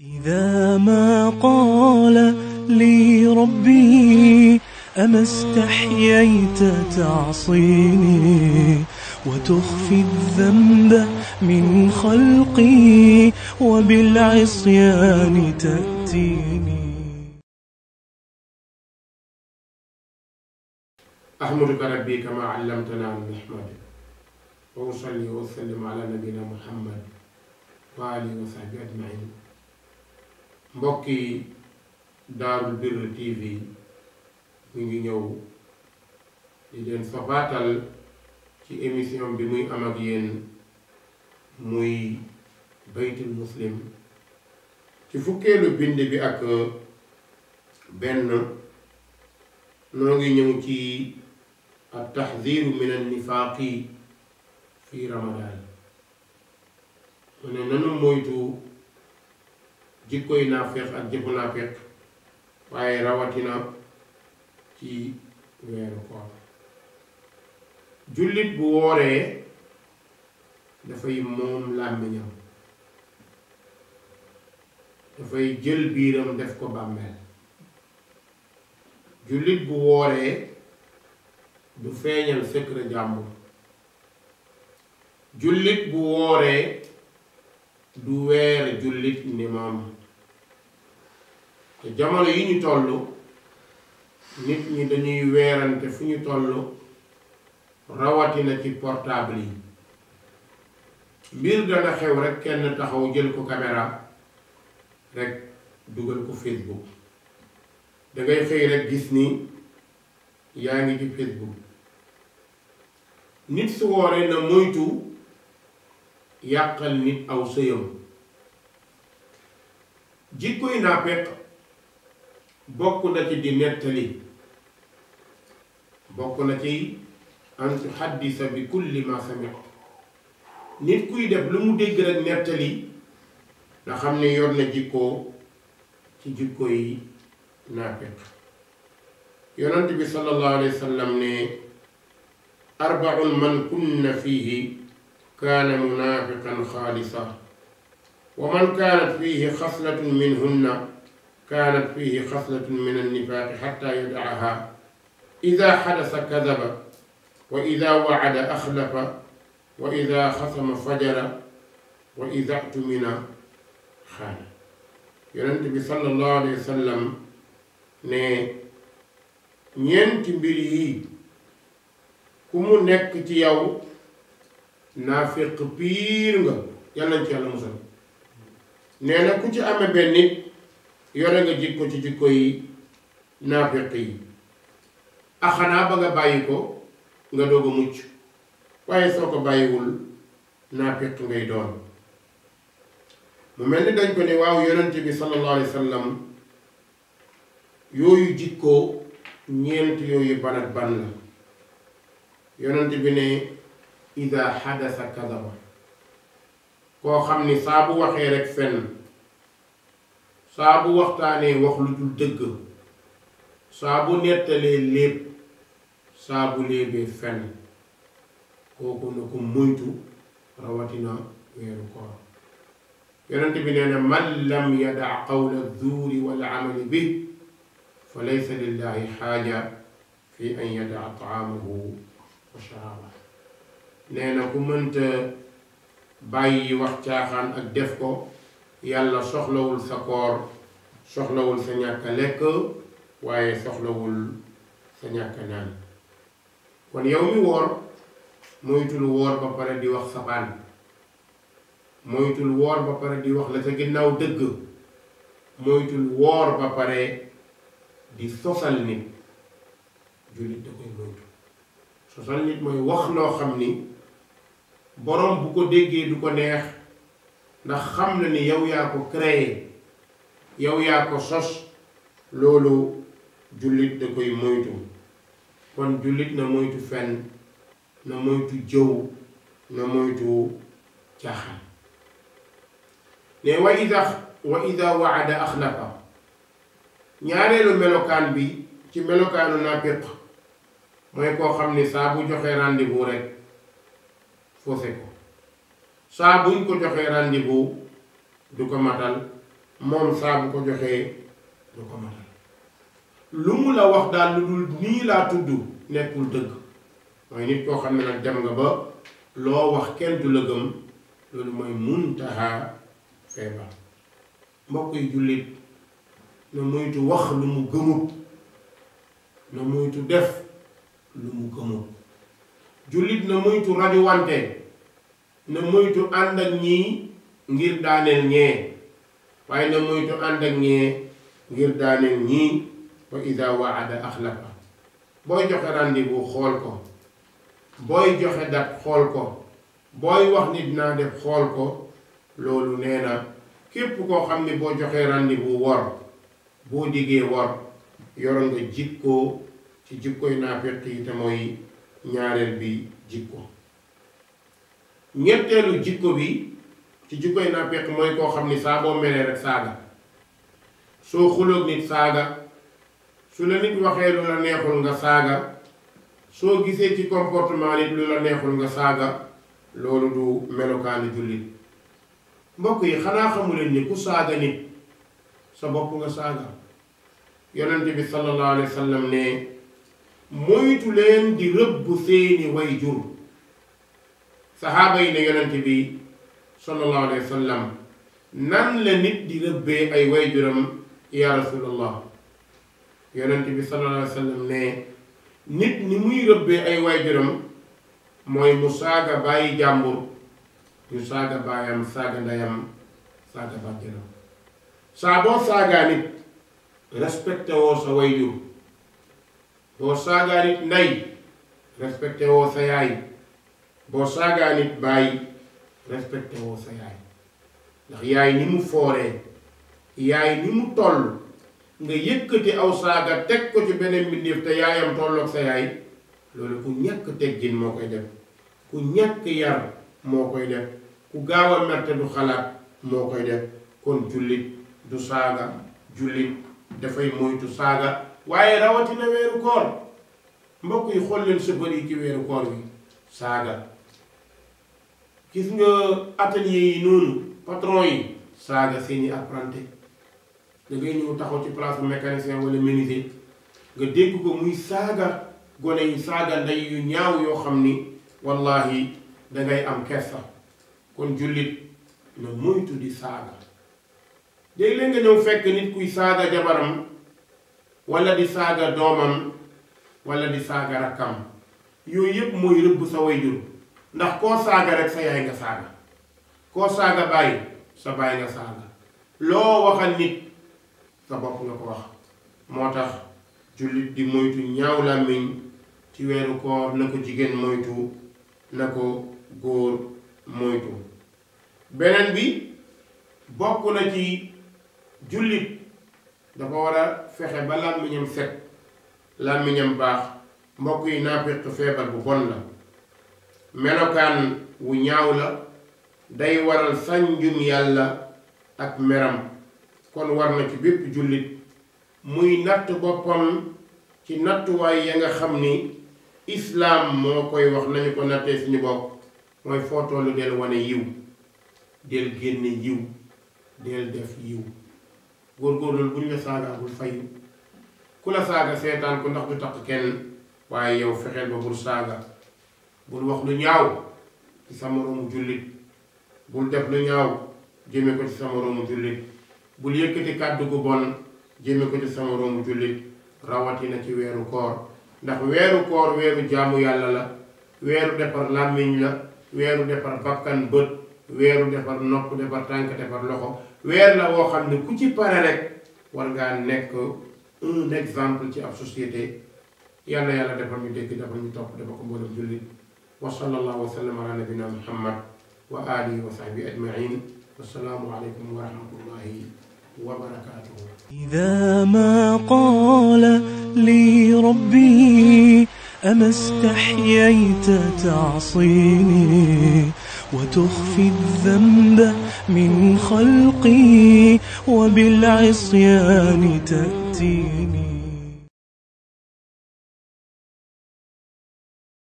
إذا ما قال لي ربي أما استحييت تعصيني وتخفي الذنب من خلقي وبالعصيان تأتيني أحمدك ربي كما علمتنا أن نحمدك وأصلي وأسلم على نبينا محمد وآله وصحبه أجمعين mbokk yi daarul birr tv mu ngi ñëw di leen fabaatal ci émission bi muy am ak yéen muy baytul muslim ci fukkeelu bind bi ak benn noo ngi ñëw ci al taxdiru min an nifaaqi fi ramadaan mu ne nanu moytu jikkoy naafeq rawatina ci weeru koor jullit bu wooree dafay moom làmmiñam dafay jël def ko bàmmeel jullit bu wooree du feeñal secret jàmbur jullit bu wooree du weer jullit ni maam te jamono yi ñu toll nit ñi dañuy weerante fu ñu toll rawatina ci portable yi mbir dana xew rek kenn taxaw jël ko caméra rek dugal ko Facebook dangay xëy rek gis ni yaa ngi ci Facebook nit su wooree na moytu yàqal nit aw sëyam jikkoy naa fekk bokk na ci di nettali bokk na ci an tuhaddisa bi kulli ma samit nit kuy def lu mu dégg rek nettali nga xam ne yor na jikkoo ci jikko yi naafiq yonent bi sallallahu alayhi wa ne arbaun man kunna fihi kaana munaafiqan xaalisa wa man kaanat fihi xaslatun minhunna kaanat fiihi xaslatun min annifaaqi xatta yudaaha ida xadasa kadaba wa ida wacada axlafa wa ida xasama fajara wa ida tumina xaana yonent bi sallallahu alayhi wa sallam ne ñeenti mbir yii ku mu nekk ci yow naafiq piir nga yal nañ ci yàlla musal nee na ku ci amee benn nit yore nga jikko ci jikko yi naafiq yi a ah, xanaa ba nga bàyyi ko nga doog mucc waaye soo ko bàyyiwul naafiq ngay doon mu mel ni dañ ko ne waaw yonent bi sallallahu alayhi wa sallam yooyu jikko ñeent yooyu ban ak ban la yonent bi ne ida xadasa kadaba koo xam ni saa bu waxee rek fenn saabu bu wax lu dul dëgg saa bu nettalee léeb saa bu léebee fenn kooku na ko rawatina weeru koor yonent bi nee man lam yadaa qawla zuuri wal amali bi fa laysa lillahi xaaja fi an yadaa taamahu wa sharaaba nee ku mënta bàyyi wax caaxaan ak def ko yàlla soxlawul sa koor soxlawul sa ñàkk lekk waaye soxlawul sa ñàkk naan kon yow mi woor moytul woor ba pare di wax la sa ginnaaw dëgg moytul woor ba pare di sosal nit jullit da koy moytu sosal nit mooy wax loo xam ni boroom bu ko déggee du ko neex ndax xam na ni yow yaa ko créé yow yaa ko sos loolu jullit da koy moytu kon jullit na moytu fenn na moytu jëw na moytu caaxaan ne wa ida a ida waada axlafa ñaareelu melokaan bi ci melokaanu nafiq mooy koo xam ni saa bu joxee rendez-vous rek faussé ko saa buñ ko joxee rendez-vous du ko matal moom saa bu ko joxee du ko matal lu mu la wax daal lu dul nii laa tudd nekkul dëgg mooy nit koo xam ne nag dem nga ba loo wax kenn du la gëm loolu mooy muntaha feebar mbokk yi jullit na moytu wax lu mu gëmut na moytu def lu mu gëmut jullit na moytu rajo na moytu ànd ak ñii ngir daaneel ñee waaye na moytu ànd ak ñee ngir daaneel ñii wa ida waada axlafa booy joxe rendez-vous xool ko booy joxe dat xool ko booy wax nit naa def xool ko loolu nee na képp koo xam ne boo joxe rendez bu wor boo diggee wor yoro nga jikkoo ci jikkoy naafeq yi te mooy ñaareel bi jikko ñetteelu jikko bi ci jikkoy nàppeq mooy koo xam ni saa boo melee rek saaga soo xuloog nit saaga su la nit waxee lu la neexul nga saaga soo gisee ci comportement nit lu la neexul nga saaga loolu du melokaani jullit mbokk yi xanaa xamuleen ni ku saaga nit sa bopp nga saaga yonent bi sallallahu alayhi wa sallam ne moytu leen di rëbb seeni way jur saxaaba yi ne yonent bi sallallahu alayhi wa sallam nan la nit di rëbbee ay wayjuram ya rasulallah yonent bi sallallahu alayhi wa sallam ne nit ni muy rëbbee ay wayjuram mooy mu saaga bàyyi jàmbur ñu saaga baayam saaga ndeyam saaga bàjjanam saa boo saagaa nit respecté woo sa wayjur boo saagaa nit ndey respecté woo sa yaay boo saagaa nit bàyyi respecté woo sa yaay ndax yaay ni mu fooree yaay ni mu toll nga yëkkati aw saaga teg ko ci beneen mbindéef te yaayam tolloog sa yaay loolu ku ñàkk teggin moo koy def ku ñàkk yar moo koy def ku gaaw a merte du xalaat moo koy def kon jullit du saaga jullit dafay moytu saaga waaye rawatina weeru koor mbokk yi xool leen bëri ci weeru koor bi saaga gis nga atelier yi noonu patron yi saaga seeni apprenti da ngay ñëw ci place mécanicien walla menuisier nga dégg ko muy saaga gone yu saaga ndey yu ñaaw yoo xam ni wallahi dangay am kersa kon jullit na moytu di saaga léeg-léeg nga ñëw fekk nit kuy saaga jabaram wala di saaga doomam wala di saaga rakkam yooyu yépp mooy rëbb sa way jur ndax koo saaga rek sa yaay nga saaga koo saaga bàyyi sa bàyyi nga saaga loo waxal nit sa bopp nga ko wax moo tax jullit di moytu ñaaw làmmiñ ci weeru koor na ko jigéen moytu na ko góor moytu beneen bi bokk na ci jullit dafa war a fexe ba làmmiñam set làmmiñam baax mbokk yi naafiq feebar bu bon la melokaan wu ñaaw la day waral sànjum yàlla ak meram kon war na ci bépp jullit muy natt boppam ci nattuwaay ya nga xam ni islaam moo koy wax nañu ko nattee suñu bopp mooy foo tollu del wane yiw del génne yiw del def yiw góorgóorlu bu ñu la saagaagul fayu ku la saaga seetaan ko ndax du tax kenn waaye yow fexeel ba bul saaga bul wax lu ñaaw ci sa moroomu jullit bul def lu ñaaw jëme ko ci sa moroomu jullit bul yëkkati kàddu gu bon jëme ko ci sa moroomu jullit rawatina ci weeru koor ndax weeru koor weeru jaamu yàlla la weeru defar làmmiñ la weeru defar bakkan bët weeru defar nopp defar tànk defar loxo weer la woo xam ne ku ci pare rek war ngaa nekk un exemple ci ab société yàlla yàlla defal ñu dégg defal ñu topp dafa ko mboolem jullit wa sallallahu wa sallam ala nabina muhammad wa alihi wa sahbihi ajmain wassalaamu aleykum wa rahmatullahi wa barakatuhu ida ma qaala li rabbi ama istahyayta taasini وتخفي الذنب من خلقي وبالعصيان تأتيني